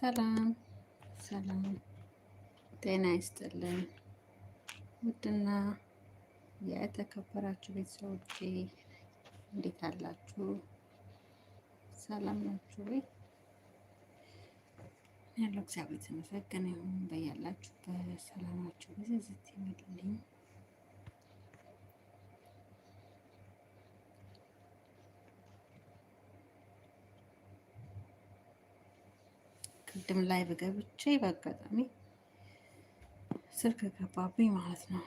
ሰላም ሰላም፣ ጤና ይስጥልን። ውድና የተከበራችሁ ቤተሰቦቼ እንዴት አላችሁ? ሰላም ናችሁ ወይ? ያለው እግዚአብሔር የተመሰገነ ይሁን። በያላችሁ በሰላማችሁ ጊዜ ዝት ቅድም ላይ ብገብቼ በአጋጣሚ ስልክ ገባብኝ ማለት ነው።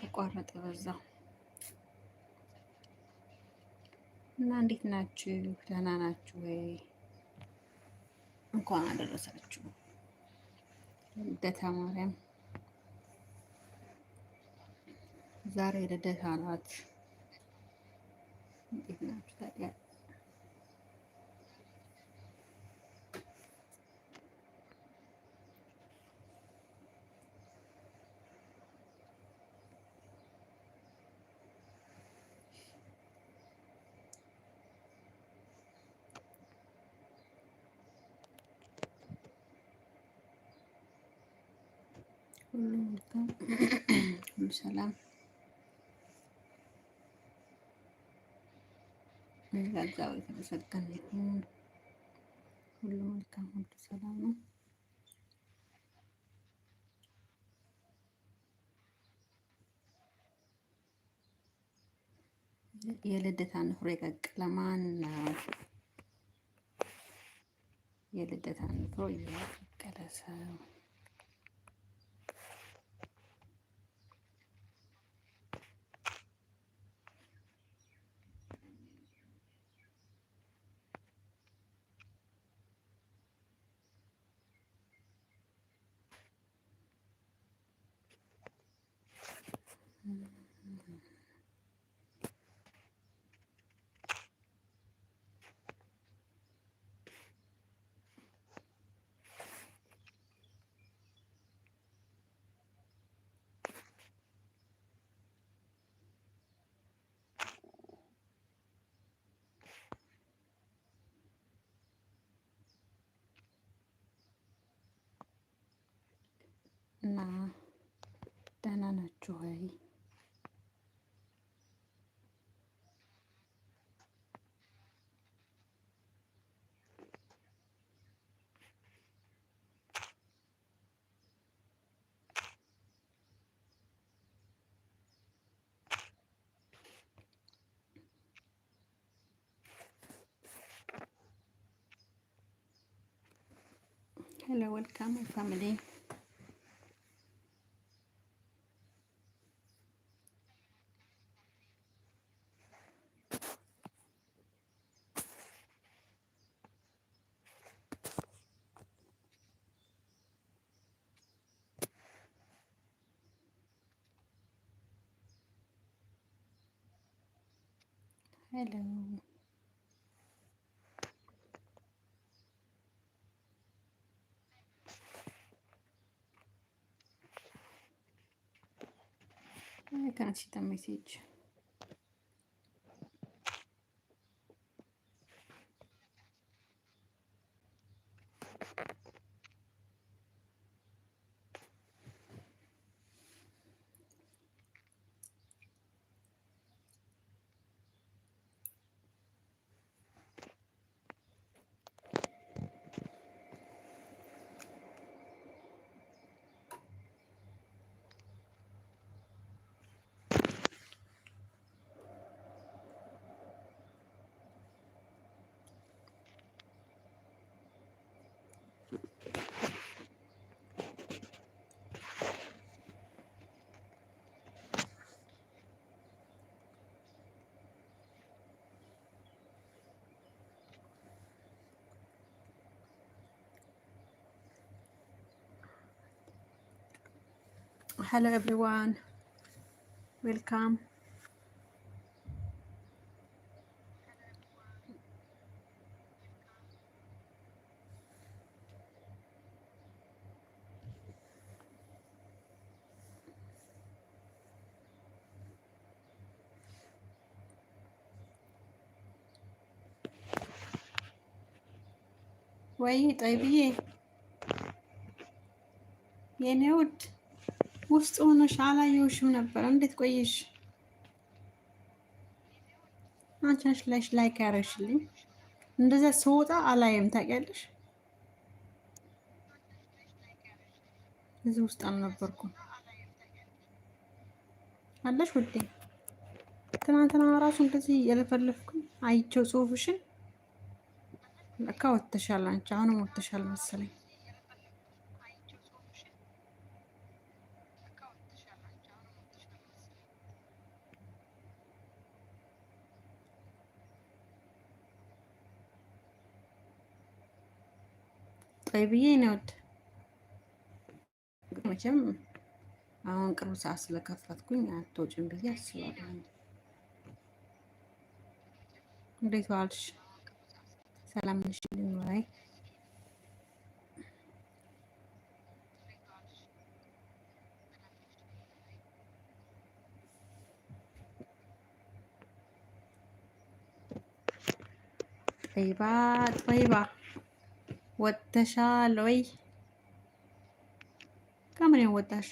ተቋረጠ በዛ እና እንዴት ናችሁ? ደህና ናችሁ ወይ? እንኳን አደረሳችሁ ልደታ ማርያም። ዛሬ ልደታ ናት። እንዴት ናችሁ ታዲያ? ሁሉም መልካም ሰላም ዛው የተመሰገነ ይሁን። ሁሉ መልካም ሁሉ ሰላም ነው። የልደታ ንፍሮ የቀቀለ ማን ነው? የልደታ ንፍሮ የቀቀለ ሰው ደህና ናችሁ ወይ? Hello, welcome family. Hello. I can see the message. hello everyone welcome وي طيبيه يا نود ውስጥ ሆነሽ አላየሁሽም ነበር። እንዴት ቆየሽ? አንቺ ነሽ ላይሽ ላይክ ያደረግሽልኝ። እንደዚያ ስወጣ አላየም ታውቂያለሽ። እዚህ ውስጥ አልነበርኩም አለሽ ውዴ። ትናንትና ራሱ እንደዚህ የለፈለፍኩኝ አይቼው ጽሁፍሽን ለካ ወጥተሻል። አንቺ አሁንም ወተሻል መሰለኝ ላይ ብዬ ነውድ መቼም አሁን ቅርብ ሰዓት ስለከፈትኩኝ አትወጪም ብዬ አስባለሁ። እንዴት ዋልሽ? ሰላም ነሽ? ላይ ጠይባ ጠይባ ወጥተሻል ወይ? ከምኔ ወጣሽ?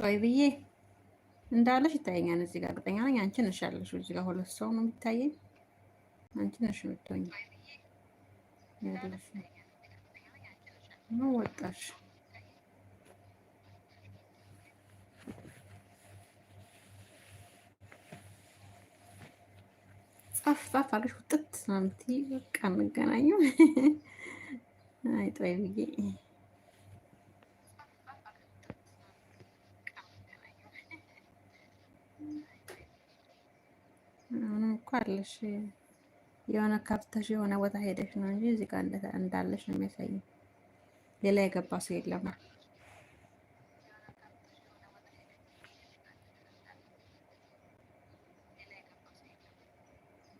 ጦይ ብዬ እንዳለሽ ይታየኛል። እዚህ ጋር እርግጠኛ ነኝ። አንቺ ነሽ ያለሽ እዚህ ጋር ሁለት ሰው ነው የሚታየኝ። አንቺ ነሽ የምትሆኝ ነው ወጣሽ ጻፍ ጻፍ አለሽ ውጥት ሳምቲ በቃ እንገናኘው። አይ ጦይ ብዬ አሁንም እኮ አለሽ የሆነ ከፍተሽ የሆነ ቦታ ሄደሽ ነው እንጂ እዚህ ጋር እንዳለሽ ነው የሚያሳየው። ሌላ የገባ ሰው የለም።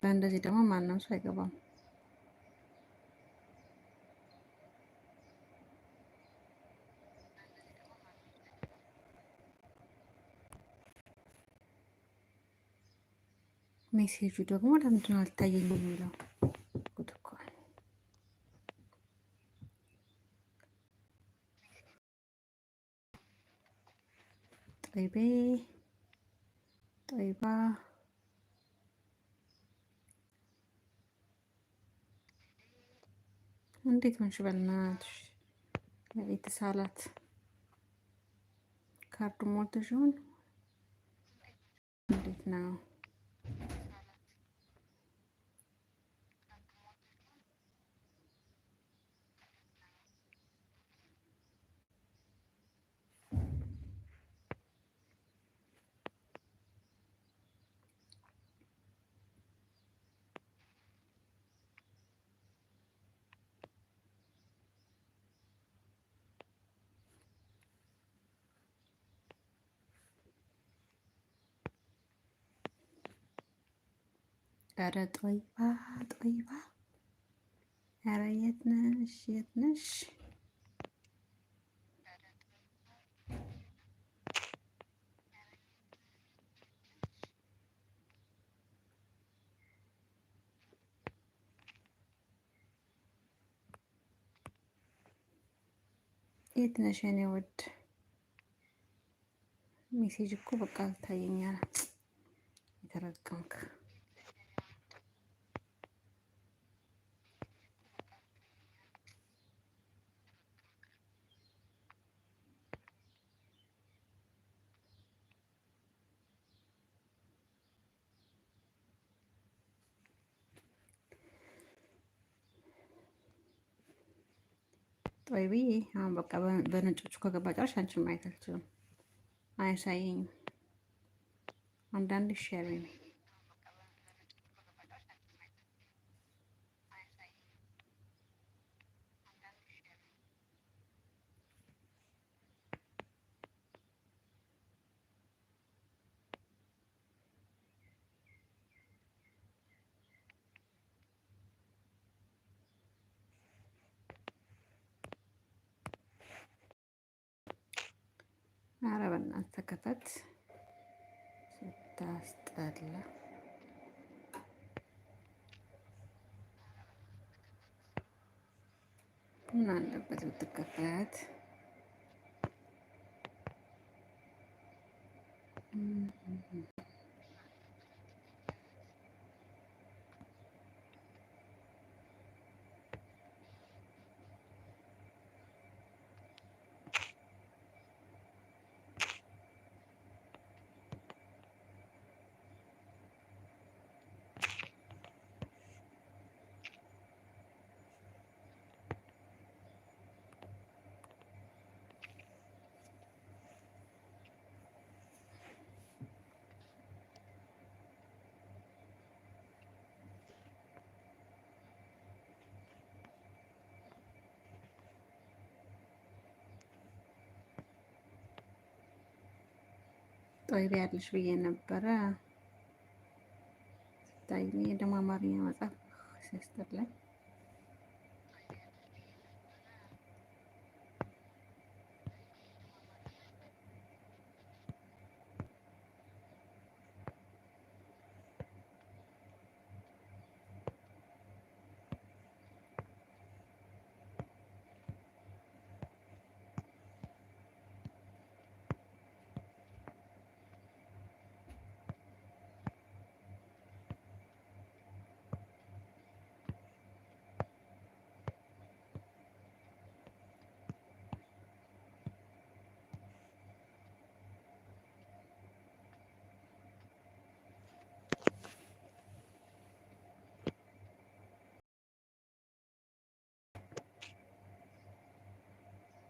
በእንደዚህ ደግሞ ማንም ሰው አይገባም። ሜሴጁ ደግሞ ለምንድን ነው የሚለው ጠይቤ ጠይባ እንዴት ሆንሽ? በእናትሽ የተሳላት ካርዱ ሞልተሽ ይሆን? እንዴት ነው? ኧረ ጦይባ ጦይባ፣ ኧረ የት ነሽ የት ነሽ? የት ነሽ የኔ ውድ? ሜሴጅ እኮ በቃ አልታየኛል። የተረቀምክ ጠይ ብዬ አሁን በቃ በነጮቹ ከገባ ጨርሽ አንቺን ማየት አልችልም፣ አያሳየኝም። አንዳንድ ሸር ኧረ በእናትህ ከታት ስታስጠላ ምን አለበት ብትከፈያት? ጦይቢ ያለሽ ብዬ ነበረ። ስታይ ደግሞ አማርኛ መጽሐፍ ሲያስጠላኝ